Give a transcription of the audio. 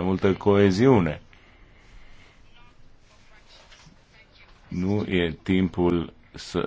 mai multă coeziune. Nu e timpul să